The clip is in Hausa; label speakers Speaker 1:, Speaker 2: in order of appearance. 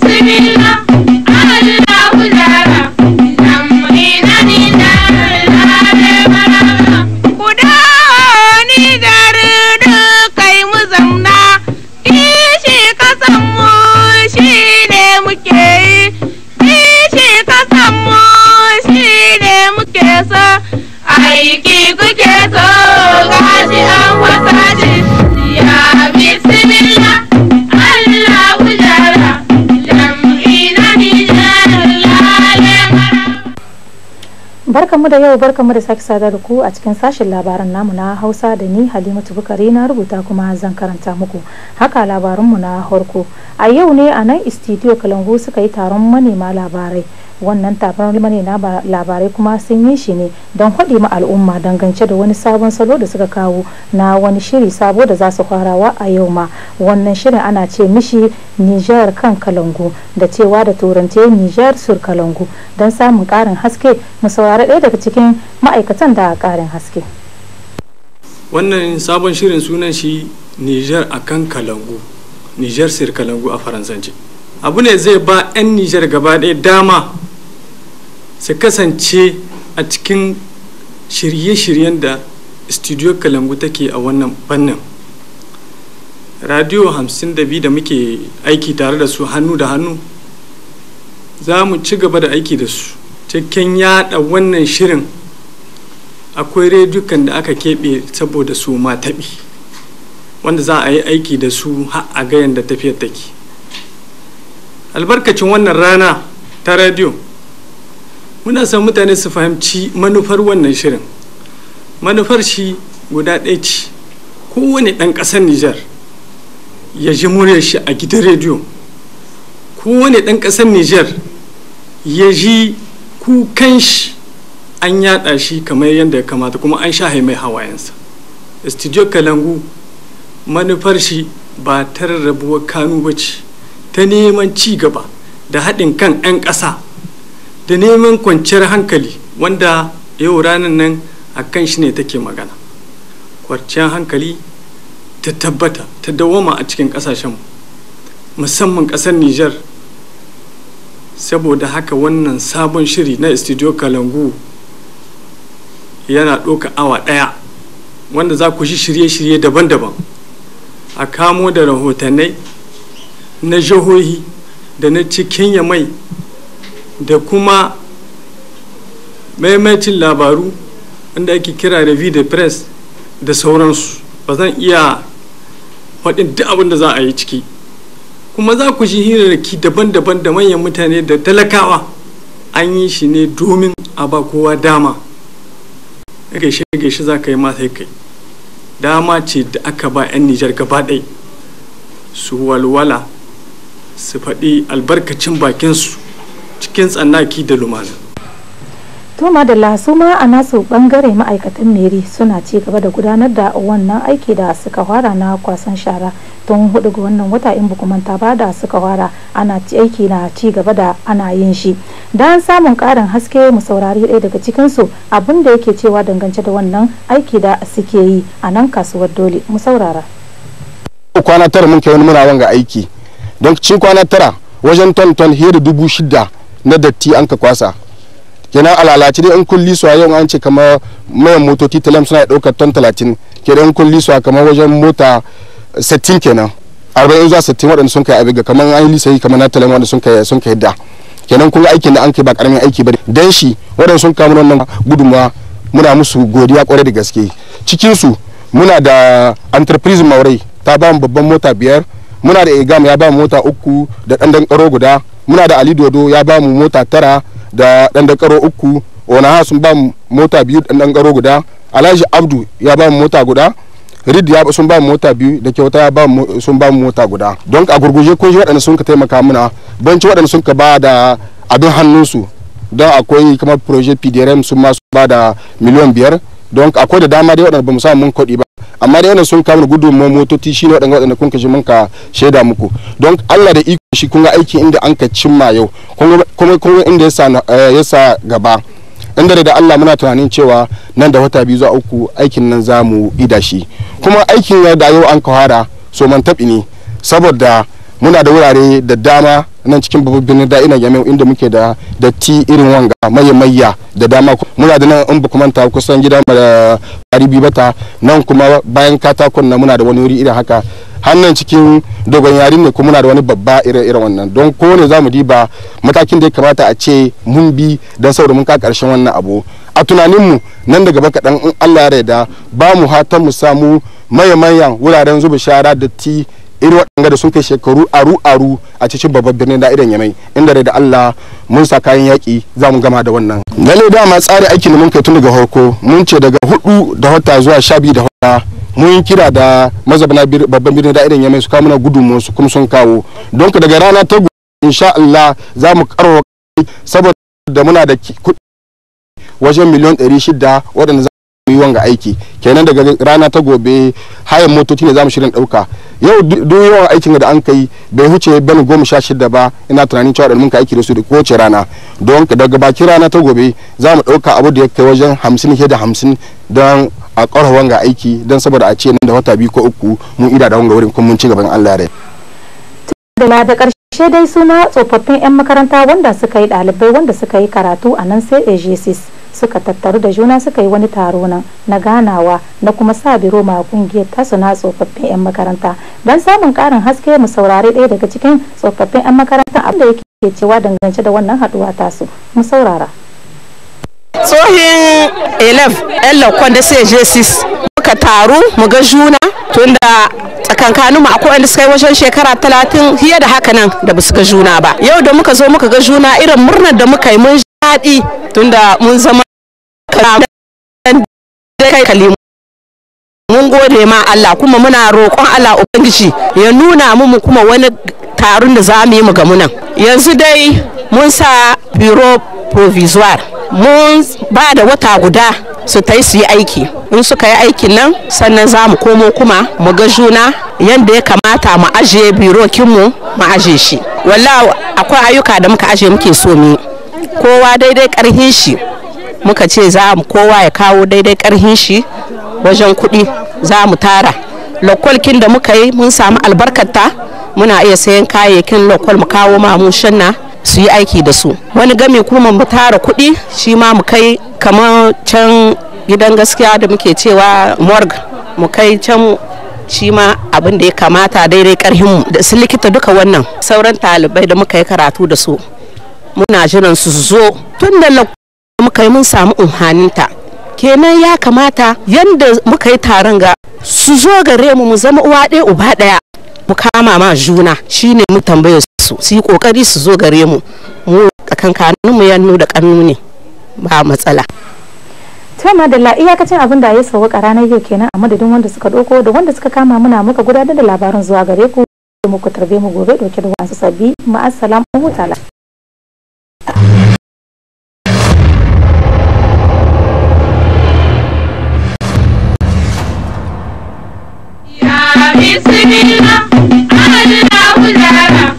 Speaker 1: Bismillah
Speaker 2: barkanmu da yau barkanmu da sake sada da ku a cikin sashen labaran namu na hausa da ni halimatu bukari na rubuta kuma zan karanta muku haka labaranmu na harko a yau ne a nan istidiyo kalangu suka yi taron manema labarai wannan taron na labarai kuma sun yi shi ne don kwaɗe ma al'umma dangance da wani sabon salo da suka kawo na wani shiri sabo da za su farawa a yau ma wannan shirin ana ce mishi nijar kan kalangu da cewa da turance nijar sur kalangu don samun ƙarin haske mu saurari ɗaya daga cikin ma'aikatan da karin haske
Speaker 3: wannan sabon shirin sunan shi nijar akan kalangu nijar sur kalangu a faransanci abu ne zai ba 'yan nijar gaba ɗaya dama su kasance a cikin shirye-shiryen da studio kalangu take a wannan fannin radio 52 da muke aiki tare da su hannu da hannu za mu ci gaba da aiki da su cikin yada wannan shirin akwai rediyokan da aka keɓe saboda su ma taɓi wanda za a yi aiki da su a gayan da tafiyar take albarkacin wannan rana ta radiyo. muna son mutane su fahimci manufar wannan shirin manufar shi guda ɗaya ce kowane ɗan ƙasar nijar ya ji muryar shi a gidan rediyo kowane ɗan ƙasar nijar ya ji kukan shi an yaɗa shi kamar yadda ya kamata kuma an sha mai hawayensa studio kalangu manufar shi ba ta rarrabuwar kanu ba ce ta neman ci gaba da haɗin kan 'yan ƙasa da neman kwanciyar hankali wanda yau ranar nan a kan shi ne take magana kwanciyar hankali ta tabbata ta dawoma a cikin kasashen musamman kasar niger saboda haka wannan sabon shiri na studio kalangu yana ɗauka awa ɗaya wanda za ku shi shirye-shirye daban-daban a kamo da rahotannai na jihohi da na cikin yamai da kuma maimacin labaru wanda ake kira da da press da sauransu ba zan iya faɗin duk abin da za a yi ciki kuma za ku ji hirarraki daban-daban da manyan mutane da talakawa an yi shi ne domin a ba kowa dama gaishe-gaishe za ka yi masa kai dama ce da aka ba 'yan nijar gaba ɗai su walwala su faɗi albarkacin bakinsu cikin tsannaki da lumana
Speaker 2: to madalla su ma a nasu bangare ma'aikatan meri suna ci gaba da gudanar da wannan aiki da suka fara na kwasan shara tun hudu ga wannan wata in buku manta ba da suka fara ana aiki na ci gaba da ana yin shi don samun karin haske mu saurari ɗaya daga cikinsu abin da yake cewa dangance da wannan aiki da suke yi a nan kasuwar dole mu saurara
Speaker 4: kwana tara mun kai wani muna wanga aiki don cin kwana tara wajen ton ton hiyar dubu shida na datti an ka kwasa kenan a lalace dai an kulli su yau an ce kamar mayan motoci talam suna daukar ton talatin kenan kulli su kamar wajen mota sittin kenan arba'in zuwa sittin waɗanda sun kai abiga kamar an yi lisayi kamar na talam waɗanda sun kai sun kai da kenan kun aikin da an kai ba karamin aiki ba dan shi waɗanda sun kawo wannan gudunmawa muna musu godiya kwarai da gaske cikin su muna da entreprise maurai ta ba mu babban mota biyar muna da egam ya ba mu mota uku da ɗanɗan ƙaro guda muna da ali dodo ya ba mu mota tara da dan dakaro uku ha sun ba mu mota biyu dan dakaro guda alhaji abdu ya ba mu mota guda rid ya sun ba mu mota biyu da kyauta ya ba sun ba mu mota guda don a gurguje kun shi waɗanda sun ka taimaka muna ci waɗanda sun ka ba da abin hannunsu don akwai kamar projet pdrm sun ma su ba da miliyan biyar don akwai da dama dai waɗanda ba mu samu mun kuɗi ba amma dai wannan sun kawo gudun mu motoci ne waɗanda waɗanda kun kashe mun ka shaida muku don Allah da iko shi kun ga aiki inda an ka cimma yau kuma kuma inda yasa eh, sa gaba inda da Allah muna tunanin cewa nan da wata biyu zuwa uku aikin nan za mu ida shi kuma aikin ya da yau an ka fara so man ne saboda muna da wurare da dama nan cikin babban birnin da'ina yamai inda muke da datti irin wanga maye mayya da dama muna da nan in ba manta kusan gida da karibi bata nan kuma bayan katakon na muna da wani wuri irin haka hannan cikin dogon yarin ne kuma muna da wani babba irin irin wannan don kowane za mu diba matakin da ya kamata a ce mun bi don saboda mun ka karshen wannan abu a tunaninmu nan daga baka dan in allah ya yarda ba mu hatan mu samu maye mayan wuraren zuba shara datti irin waɗanda da sun kai shekaru aru aru a cikin babban birnin da'idan yamai inda da Allah mun sa kayan yaƙi za mu gama da wannan lalle dama tsari aiki da mun kai tun daga harko mun ce daga hudu da wata zuwa sha biyu da wata mun kira da mazabana babban birnin da'idan yamai su kawo mana gudunmu su kuma sun kawo don ka daga rana ta insha Allah za mu karwa saboda muna da wajen miliyan 600 waɗanda yi wanga aiki kenan daga rana ta gobe hayan motoci ne zamu shirin dauka yau duk yawan aikin da an kai bai huce ban goma sha shida ba ina tunanin cewa mun ka aiki da su da kowace rana don daga bakin rana ta gobe za mu dauka abu da ya kai wajen hamsin ke da hamsin don a ƙarfa wanga aiki don saboda a ce nan da wata biyu ko uku mun ida da wanga wurin kuma mun ci gaban Allah
Speaker 2: da da ƙarshe dai suna tsofaffin 'yan makaranta wanda suka yi ɗalibai wanda suka yi karatu a nan sai AGCS suka tattaru da juna suka yi wani taro nan na ganawa na kuma sa biro ma kungiyar tasu na tsofaffin 'yan makaranta don samun karin haske mu saurari ɗaya daga cikin tsofaffin 'yan makaranta abinda yake cewa dangance da wannan haduwa tasu mu saurara
Speaker 1: tsohin elef yan lakon da sai jesis muka taru mu ga juna tunda tsakankanin mu akwai wanda suka yi wajen shekara talatin hiyar da haka nan da ba su ga juna ba yau da muka zo muka ga juna irin murnar da muka yi mun daɗi tunda mun zama kai kalimu mun gode ma Allah kuma muna roƙon Allah ubangiji ya nuna mu kuma wani taron da za mu yi mu gamu nan yanzu dai mun sa biro provisoire mun ba da wata guda su ta yi su yi aiki in suka yi aikin nan sannan za mu komo kuma mu ga juna yadda ya kamata mu ajiye kinmu mu ajiye shi wallahi akwai ayyuka da muka ajiye muke so mu yi kowa daidai karhin shi muka ce za mu kowa ya kawo daidai karhin shi wajen kuɗi za mu tara lokwalkin da muka yi mun samu albarkata muna iya sayan kayayyakin lokwal mu kawo mamun shanna su yi aiki da su wani gami kuma mu tara kuɗi shi ma mu kai kamar can gidan gaskiya da muke cewa morg mu kai can shi ma abin da ya kamata daidai karhinmu da su likita duka wannan sauran talibai da muka yi karatu da su muna jiran su zo tun da muka yi mun samu umhaninta kenan ya kamata yadda muka yi taron ga su zo gare mu mu zama uwa ɗaya uba ɗaya mu kama ma juna shine mu tambaye su su yi kokari su zo gare mu mu kankanin mu yannu da kanu ne ba matsala
Speaker 2: to madalla iyakacin abin da ya sauka ranar yau kenan a madadin wanda suka doko da wanda suka kama muna muka gudanar da labarin zuwa gare ku muku tarbe mu gobe dauke da wasu sabbi ma assalamu huta Ya
Speaker 1: bismillah, Allah